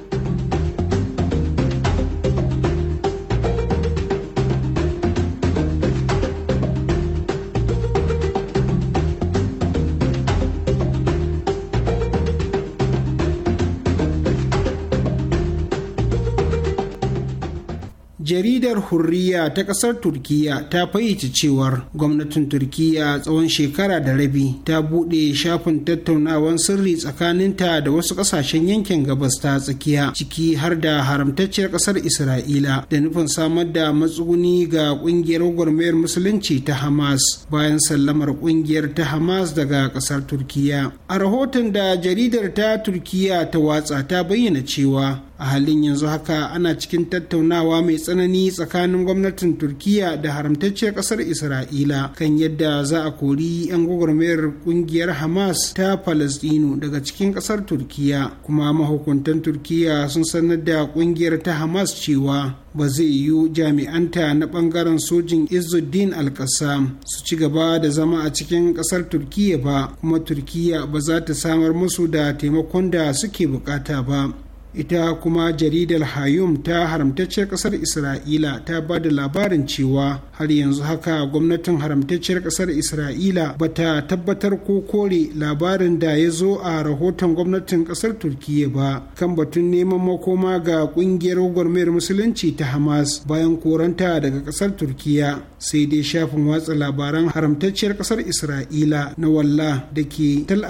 jam'iyyar hurriya ta ƙasar Turkiyya ta fayyace cewar gwamnatin Turkiyya tsawon shekara da rabi ta buɗe shafin tattaunawan sirri tsakaninta da wasu ƙasashen yankin gabas ta tsakiya ciki har da haramtacciyar ƙasar isra'ila da nufin samar da matsuguni ga ƙungiyar gwarmayar musulunci ta hamas bayan sallamar ƙungiyar ta hamas daga ƙasar Turkiyya, a rahoton da jaridar ta Turkiyya ta watsa ta bayyana cewa a halin yanzu haka ana cikin tattaunawa mai tsanani tsakanin gwamnatin turkiya da haramtacciyar kasar isra'ila kan yadda za a kori 'yan gwagwarmayar kungiyar hamas ta palestino daga cikin kasar turkiya kuma mahukuntan turkiya sun sanar da kungiyar ta hamas cewa ba zai yiwu jami'anta na bangaren sojin izuddin alƙasa su ci gaba da zama a cikin kasar turkiya ba kuma turkiya ba za ta samar musu da taimakon da suke bukata ba ita kuma jaridar hayum ta haramtacciyar ƙasar isra'ila ta ba da labarin cewa har yanzu haka gwamnatin haramtacciyar ƙasar isra'ila ba ta tabbatar ko kore labarin da ya zo a rahoton gwamnatin ƙasar Turkiyya ba kan batun neman makoma ga ƙungiyar gwagwarmayar musulunci ta hamas bayan koranta daga ƙasar Turkiyya sai dai shafin watsa labaran haramtacciyar ƙasar isra'ila na walla da ke tal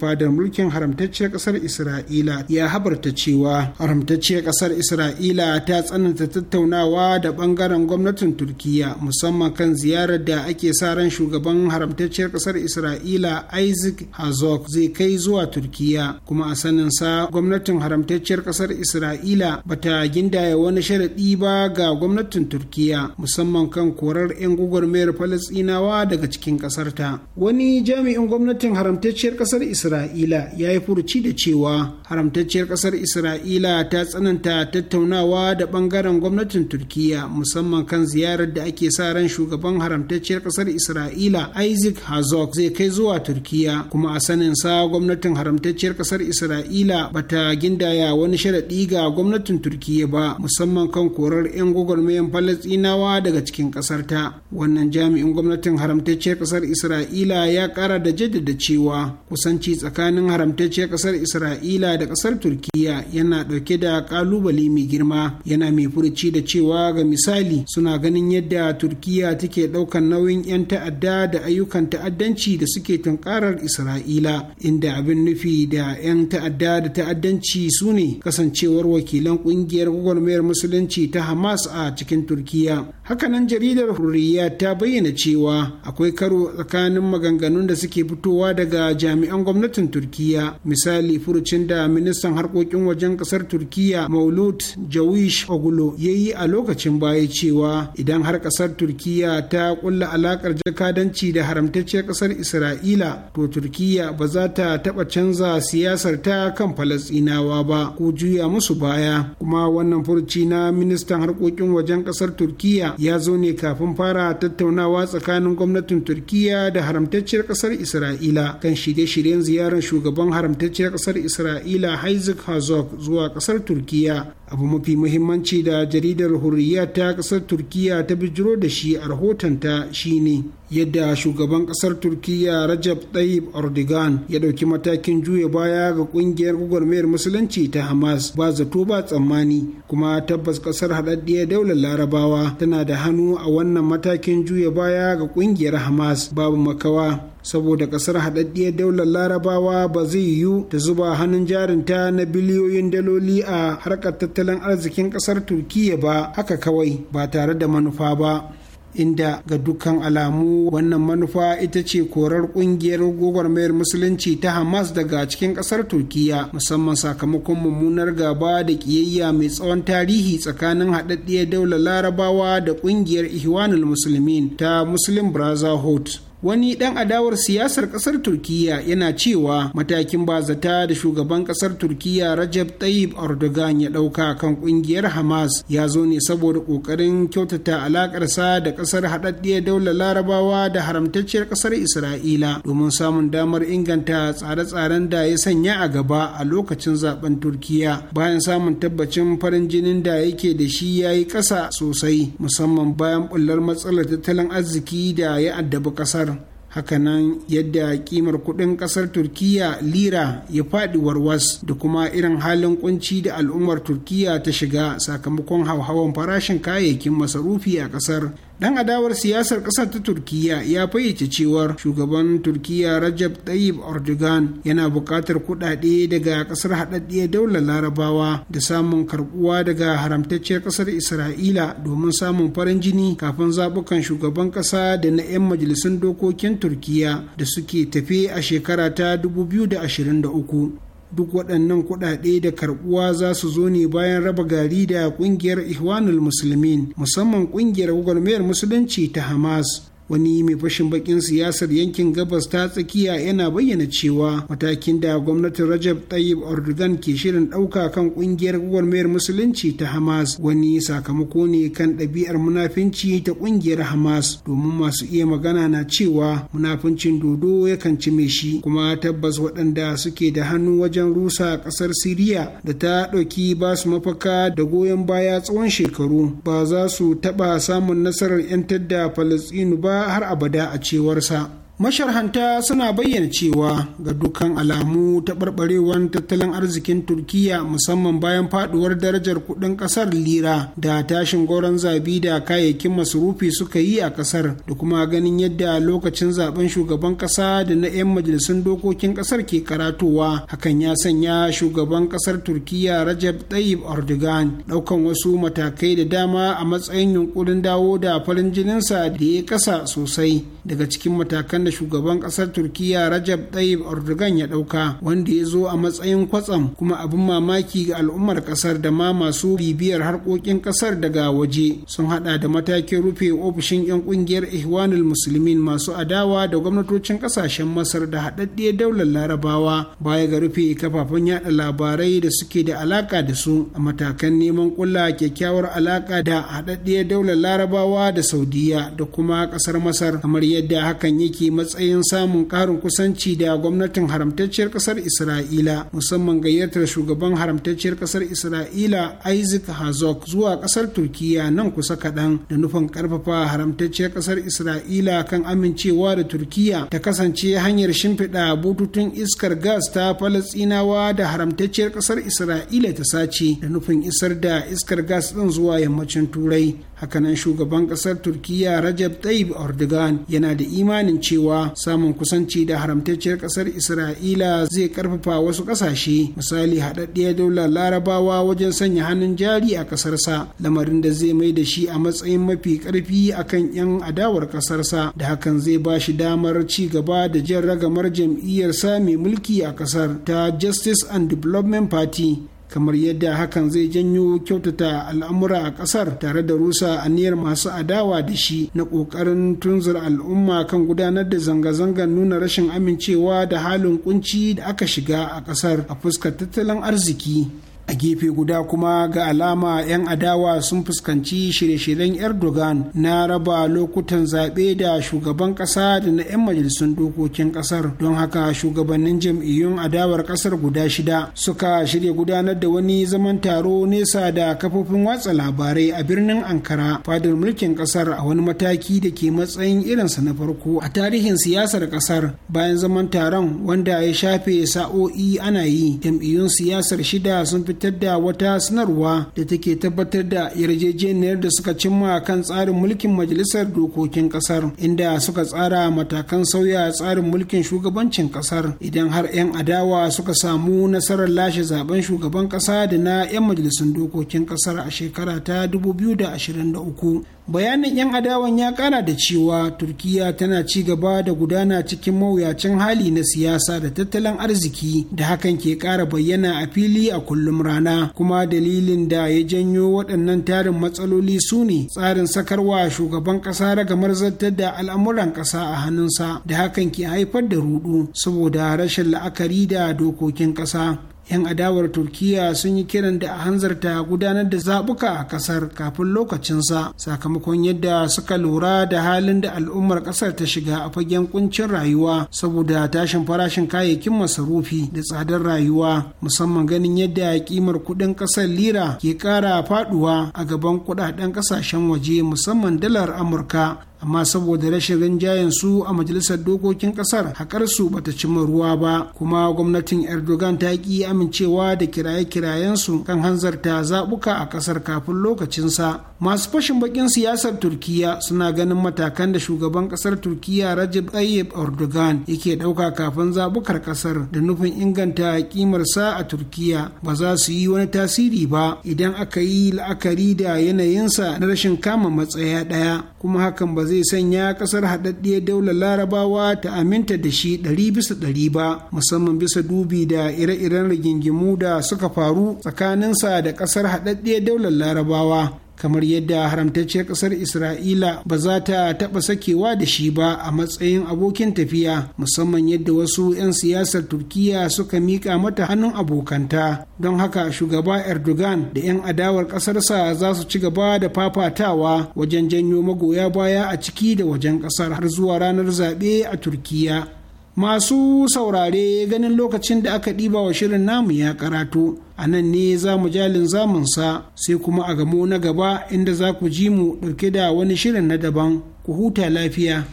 fadar mulkin haramtacciyar ƙasar isra'ila ya habarta cewa ba haramtacciyar kasar isra'ila ta tsananta tattaunawa da bangaren gwamnatin turkiya musamman kan ziyarar da ake sa ran shugaban haramtacciyar kasar isra'ila isaac hazok zai kai zuwa turkiya kuma a sanin sa gwamnatin haramtacciyar kasar isra'ila bata gindaya wani sharaɗi ba ga gwamnatin turkiya musamman kan korar 'yan gwagwarmayar Falasinawa daga cikin ƙasarta wani jami'in gwamnatin haramtacciyar kasar isra'ila ya yi furuci da cewa haramtacciyar kasar isra'ila isra'ila ta tsananta tattaunawa da bangaren gwamnatin turkiya musamman kan ziyarar da ake sa ran shugaban haramtacciyar kasar isra'ila isaac hazok zai kai zuwa turkiya kuma a sanin sa gwamnatin haramtacciyar kasar isra'ila ba bata gindaya wani sharaɗi ga gwamnatin turkiya ba musamman kan korar 'yan gwagwarmayan falastinawa daga cikin kasar wannan jami'in gwamnatin haramtacciyar kasar isra'ila ya kara da jaddada cewa kusanci tsakanin haramtacciyar kasar isra'ila da kasar turkiya yana na ɗauke da ƙalubale mai girma yana mai furuci da cewa ga misali suna ganin yadda turkiya take ɗaukar nauyin 'yan ta'adda da ayyukan ta'addanci da suke tunkarar isra'ila inda abin nufi da 'yan ta'adda da ta'addanci su ne kasancewar wakilan ƙungiyar gwagwarmayar musulunci ta hamas a cikin turkiya hakanan jaridar hurriya ta bayyana cewa akwai karo tsakanin maganganun da suke fitowa daga jami'an gwamnatin turkiya misali furucin da ministan harkokin wajen kasar turkiya maulut jawish ogulo ya yi a lokacin baya cewa idan har kasar turkiya ta kulla alakar jakadanci da haramtacciyar kasar isra'ila to turkiya ba za ta taba canza siyasar ta kan falasinawa ba ko juya musu baya kuma wannan furci na ministan harkokin wajen kasar turkiya ya zo ne kafin fara tattaunawa tsakanin gwamnatin turkiya da haramtacciyar kasar isra'ila kan shirye-shiryen ziyarar shugaban haramtacciyar kasar isra'ila isaac herzog zuwa kasar turkiya abu mafi muhimmanci da jaridar hurriya ta kasar turkiya ta bijiro da shi a rahotonta shine yadda shugaban kasar turkiya rajab tayyip erdogan ya ɗauki matakin juya baya ga kungiyar gwagwarmayar musulunci ta hamas ba zato ba tsammani kuma tabbas kasar haɗaɗɗiyar daular larabawa tana da hannu a wannan matakin juya baya ga kungiyar hamas babu makawa saboda kasar haɗaɗɗiyar daular larabawa ba zai yiwu ta zuba hannun jarinta na biliyoyin daloli a harkar tattalin arzikin kasar Turkiyya ba haka kawai ba tare da manufa ba inda ga dukkan alamu wannan manufa ita ce korar kungiyar gwagwarmayar musulunci ta hamas daga cikin kasar Turkiyya musamman sakamakon mummunar gaba da kiyayya mai tsawon tarihi tsakanin haɗaɗɗiyar daular larabawa da kungiyar ihwanul musulmin ta muslim brotherhood wani ɗan adawar siyasar ƙasar turkiya yana cewa matakin bazata da shugaban ƙasar turkiya rajab tayyip erdogan ya ɗauka kan ƙungiyar hamas ya zo ne saboda ƙoƙarin kyautata alaƙarsa da ƙasar haɗaɗɗiyar daular larabawa da haramtacciyar ƙasar isra'ila domin samun damar inganta tsare-tsaren da ya sanya a gaba a lokacin zaben turkiya bayan samun tabbacin farin jinin da yake da shi ya yi ƙasa sosai musamman bayan ɓullar matsalar tattalin arziki da ya addabi ƙasar hakanan yadda kimar kudin kasar turkiya lira ya fadi warwas da kuma irin halin kunci da al'ummar turkiya ta shiga sakamakon hauhawan farashin kayayyakin masarufi a kasar dan adawar siyasar ƙasa ta turkiya ya fayyace cewar shugaban turkiya rajab tayyip erdogan yana buƙatar kuɗaɗe daga ƙasar haɗaɗɗiyar daular larabawa da samun karɓuwa daga haramtacciyar ƙasar isra'ila domin samun farin jini kafin zaɓukan shugaban ƙasa da na 'yan majalisun dokokin turkiya da suke tafe a shekara ta 2023 duk waɗannan kuɗaɗe da karɓuwa za su zo ne bayan raba gari da ƙungiyar ihwanul musulmin musamman ƙungiyar gwagwarmayar musulunci ta hamas wani mai fashin bakin siyasar yankin gabas ta tsakiya yana bayyana cewa matakin da gwamnatin rajab tayyib erdogan ke shirin ɗauka kan ƙungiyar gwamnatin musulunci ta hamas wani sakamako ne kan ɗabi'ar munafinci ta ƙungiyar hamas domin masu iya magana na cewa munafincin dodo yakan ci cime shi kuma tabbas waɗanda suke da hannu wajen rusa ƙasar siriya da ta ɗauki ba su mafaka da goyon baya tsawon shekaru ba za su taɓa samun nasarar 'yantar da falastinu ba har abada a cewarsa masharhanta suna bayyana cewa ga dukkan alamu ta barbarewar tattalin arzikin turkiya musamman bayan faduwar darajar kudin kasar lira da tashin goron zabi da kayayyakin masurufi suka yi a kasar da kuma ganin yadda lokacin zaben shugaban kasa da na 'yan majalisun dokokin kasar ke karatowa hakan ya sanya shugaban kasar turkiya rajab tayyip erdogan daukan wasu matakai da dama a matsayin yunkurin dawo da farin jininsa da ya kasa sosai daga cikin matakan da shugaban kasar turkiya rajab tayyip erdogan ya dauka wanda ya zo a matsayin kwatsam kuma abin mamaki ga al'ummar kasar da ma masu bibiyar harkokin kasar daga waje sun hada da matakin rufe ofishin yan kungiyar ihwanul musulmin masu adawa da gwamnatocin kasashen masar da haɗaɗɗiyar daular larabawa baya ga rufe kafafen yada labarai da suke da alaka da su a matakan neman kulla kyakkyawar alaka da haɗaɗɗiyar daular larabawa da saudiya da kuma kasar masar kamar yadda hakan yake matsayin samun ƙarin kusanci da gwamnatin haramtacciyar ƙasar isra'ila musamman gayyatar shugaban haramtacciyar ƙasar isra'ila isaac hazok zuwa ƙasar turkiya nan kusa kaɗan da nufin ƙarfafa haramtacciyar ƙasar isra'ila kan amincewa da turkiya ta kasance hanyar shimfiɗa bututun iskar gas ta falastinawa da haramtacciyar ƙasar isra'ila ta sace da nufin isar da iskar gas ɗin zuwa yammacin turai hakanan shugaban kasar turkiya rajab tayyip erdogan yana da imanin cewa samun kusanci da haramtacciyar kasar isra'ila zai karfafa wasu kasashe misali haɗaɗɗiyar daular larabawa wajen sanya hannun jari a kasarsa lamarin da zai mai da shi a matsayin mafi karfi akan 'yan adawar kasarsa da hakan zai ba shi damar ci gaba da jan ragamar jam'iyyar sami mulki a kasar ta justice and development party kamar yadda hakan zai janyo kyautata al'amura a ƙasar tare da rusa a aniyar masu adawa da shi na ƙoƙarin tunzur al'umma kan gudanar da zanga-zangar nuna rashin amincewa da halin kunci da aka shiga a ƙasar a fuskar tattalin arziki a gefe guda kuma ga alama 'yan adawa sun fuskanci shirye-shiryen erdogan na raba lokutan zaɓe da shugaban ƙasa da na 'yan majalisun dokokin ƙasar don haka shugabannin jam'iyyun adawar ƙasar guda shida suka shirya gudanar da wani zaman taro nesa da kafofin watsa labarai a birnin ankara fadar mulkin ƙasar a wani mataki da ke matsayin irinsa na farko a tarihin siyasar ƙasar bayan zaman taron wanda ya shafe sa'o'i ana yi jam'iyyun siyasar shida sun fi fitar da wata sanarwa da take tabbatar da yarjejeniyar da suka cimma kan tsarin mulkin majalisar dokokin kasar inda suka tsara matakan sauya tsarin mulkin shugabancin kasar idan har 'yan adawa suka samu nasarar lashe zaben shugaban kasa da na 'yan majalisun dokokin kasar a shekara ta 2023 bayanin 'yan adawan ya kara da cewa Turkiyya tana ci gaba da gudana cikin mawuyacin hali na siyasa da tattalin arziki da hakan ke kara bayyana a fili a kullum rana kuma dalilin da ya janyo waɗannan tarin matsaloli su ne tsarin sakarwa shugaban ƙasa ragamar zartar da al'amuran ƙasa a hannunsa da hakan ke haifar da rudu saboda rashin la'akari da dokokin ƙasa 'yan adawar turkiya sun yi kiran da a hanzarta gudanar da zaɓuka a ƙasar kafin lokacinsa sakamakon yadda suka lura da halin da al'ummar ƙasar ta shiga a fagen kuncin rayuwa saboda tashin farashin kayayyakin masarufi da tsadar rayuwa musamman ganin yadda kimar kuɗin ƙasar lira ke ƙara faɗuwa a gaban kuɗaɗen ƙasashen waje musamman dalar amurka amma saboda rashin rinjayen su a majalisar dokokin kasar hakar su bata cimma ruwa ba kuma gwamnatin erdogan ta ki amincewa da kiraye-kirayen su kan hanzarta zabuka a kasar kafin lokacin sa masu fashin bakin siyasar turkiya suna ganin matakan da shugaban kasar turkiya rajab tayyip erdogan yake dauka kafin zabukar kasar da nufin inganta sa a turkiya ba za su yi wani tasiri ba idan aka yi la'akari da yanayinsa na rashin kama matsaya daya kuma hakan ba zai sanya kasar haɗaɗɗiya daular larabawa ta aminta da shi ɗari bisa ɗari ba musamman bisa dubi da ire-iren rigingimu da suka faru tsakaninsa da kasar haɗaɗɗiya daular larabawa kamar yadda haramtacciyar ƙasar isra'ila ba za ta taɓa sakewa da shi ba a matsayin abokin tafiya musamman yadda wasu 'yan siyasar turkiya suka miƙa mata hannun abokanta don haka shugaba erdogan da 'yan adawar ƙasarsa za su ci gaba da fafatawa wajen janyo magoya baya a ciki da wajen ƙasar har zuwa ranar zaɓe a turkiya masu saurare ganin lokacin da aka ɗiba wa shirin namu ya karatu a nan ne za mu jalin zamunsa sai kuma a gamo na gaba inda za ku ji mu ɗauke da wani shirin na daban ku huta lafiya.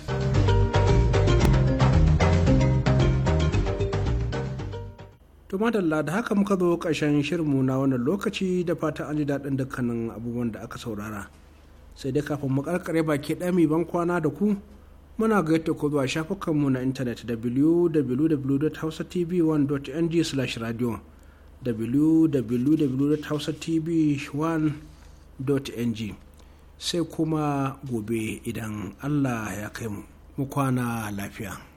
madalla da haka muka zo ƙarshen shirinmu na wannan lokaci da fata an ji daɗin dukkanin abubuwan da aka saurara sai dai kafin mu karkare baki ɗami ban kwana da ku muna yadda ku zuwa shafukanmu na intanet www.hausatv1.ng/radio www.hausatv1.ng sai kuma gobe idan allah ya kai mu kwana lafiya